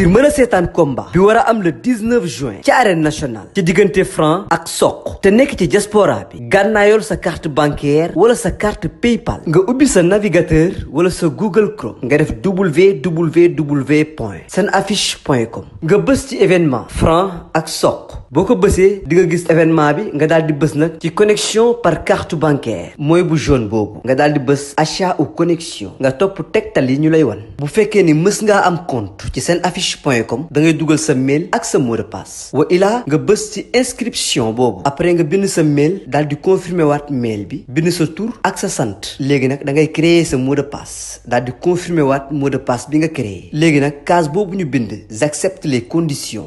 ngir mën a seetaan combat bi war a am le 19 juin ci arène national ci diggante franc ak soq te nekk ci diaspora bi gànnaayool sa carte bancaire wala sa carte paypal nga ubbi sa navigateur wala sa google chrome nga def www point seen affiche point com nga bës ci événement franc ak soq boo ko bësee di nga gis événement bi nga daal di bës nag ci connexion par carte bancaire mooy bu jaune boobu nga daal di bës achat ou connexion nga topp tegtal yi ñu lay wan bu fekkee ni mës ngaa am compte ci seen affiche point com dangay dugal sa mail ak sa mot de passe wa ilaa nga bës ci inscription boobu après nga bind sa mail daal di confirmer waat mail bi bind sa tur ak sa sant léegi nag da ngay créer sa mot de dal di confirmer waat mot de bi nga créé léegi nag case boobu ñu bind j'accepte les conditions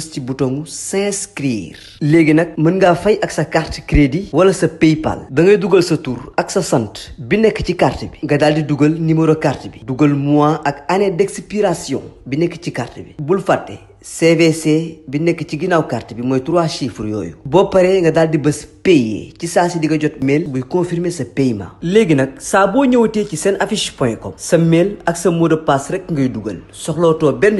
bës ci bouton s'inscrire léegi nag mën ngaa fay ak sa carte crédit wala sa paypal da ngay dugal sa tur ak sa sant bi nekk ci carte bi nga daal di dugal numéro carte bi dugal mois ak année d'expiration bi nekk ci carte bi bul fàtte CVC bi nekk ci ginnaaw carte bi mooy trois chiffres yooyu boo paree nga daal di bës payer ci saa si di nga jot mail buy confirmer sa payman léegi nag saa boo ñëwatee ci seen affiche point com sa mail ak sa mot pass passe rek ngay dugal soxlootoo benn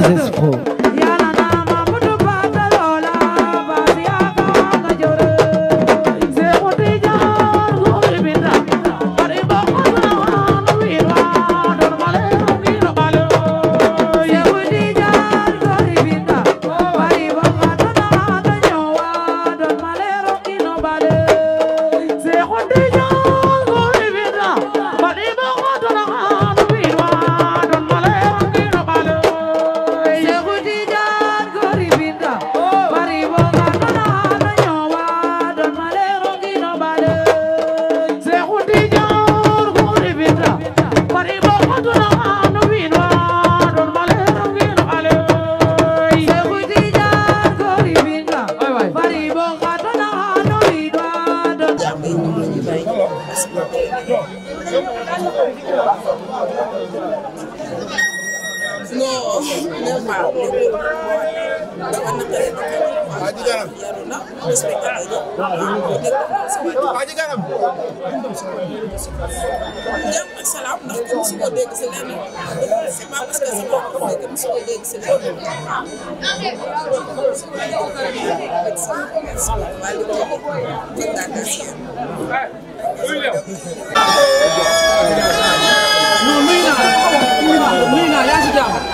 was his fault. waaw Aji Garam Aji Garam jàmm ak salaam ndax kenn musu ko dégg si lenn c'est pas parce que si bopp la mais kenn musu ko dégg si lenn waaw nuyu naa nuyu naa yaa ngi si jàmm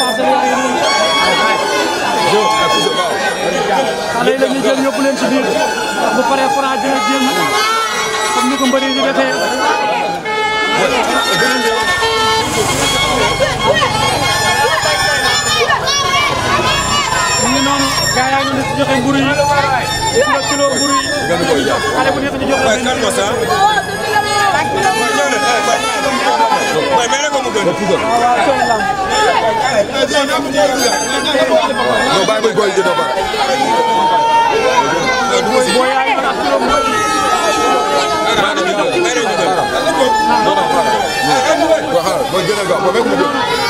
xale yi la ñuy jël yóbbu leen ci biir bu paree Franc dina génn comme ni ko mbëri di defee. mu ngi noonu gars yaa ngi leen di joxe mburu yi kilo kilo mburu yi. xale bu nekk Go ahead, go get it, go.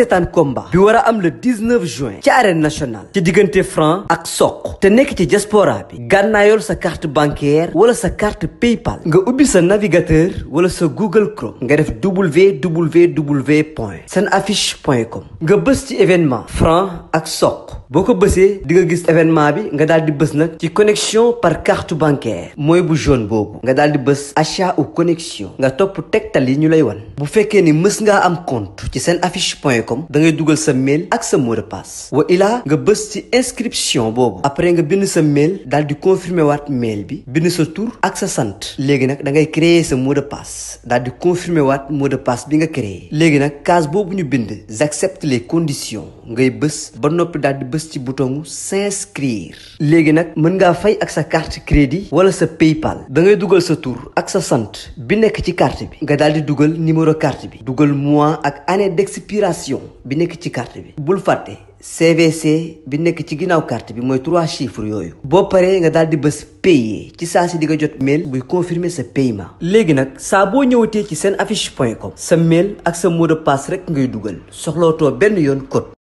seetaan combat bi war a am le 19 juin ci arène nationale ci diggante franc ak soq te nekk ci diaspora bi gànnaayool sa carte bancaire wala sa carte paypal nga ubbi sa navigateur wala sa google chrome nga def www point seen affiche point com nga bës ci événement franc ak soq boo ko bësee di nga gis événement bi nga daal di bës nag ci connexion par carte bancaire mooy bu jaune boobu nga daal di bës achat ou connexion nga topp tegtal yi ñu lay wan bu fekkee ni mës ngaa am compte ci seen affiche point com da ngay dugal sa mail ak sa mot de passe wa ilaa nga bës ci inscription boobu après nga bind sa mail daal di confirmer waat mail bi bind sa tur ak sa sant léegi nag da ngay créer sa mot de passe di confirmer waat mot de bi nga créé léegi nag case boobu ñu bind j'accepte les conditions ci bouton s'inscrire léegi nag mën ngaa fay ak sa carte crédit wala sa paypal da ngay dugal sa tour ak sa sant bi nekk ci carte bi nga daal di dugal numéro carte bi dugal mois ak année d'expiration bi nekk ci carte bi bul fàtte CVC bi nekk ci ginnaaw carte bi mooy trois chiffres yooyu boo paree nga daal di bës payer ci saa si di nga jot mail buy confirmer sa paiement léegi nag saa boo ñëwatee ci seen affiche point com sa mail ak sa mot de passe rek ngay dugal soxlootoo benn yoon code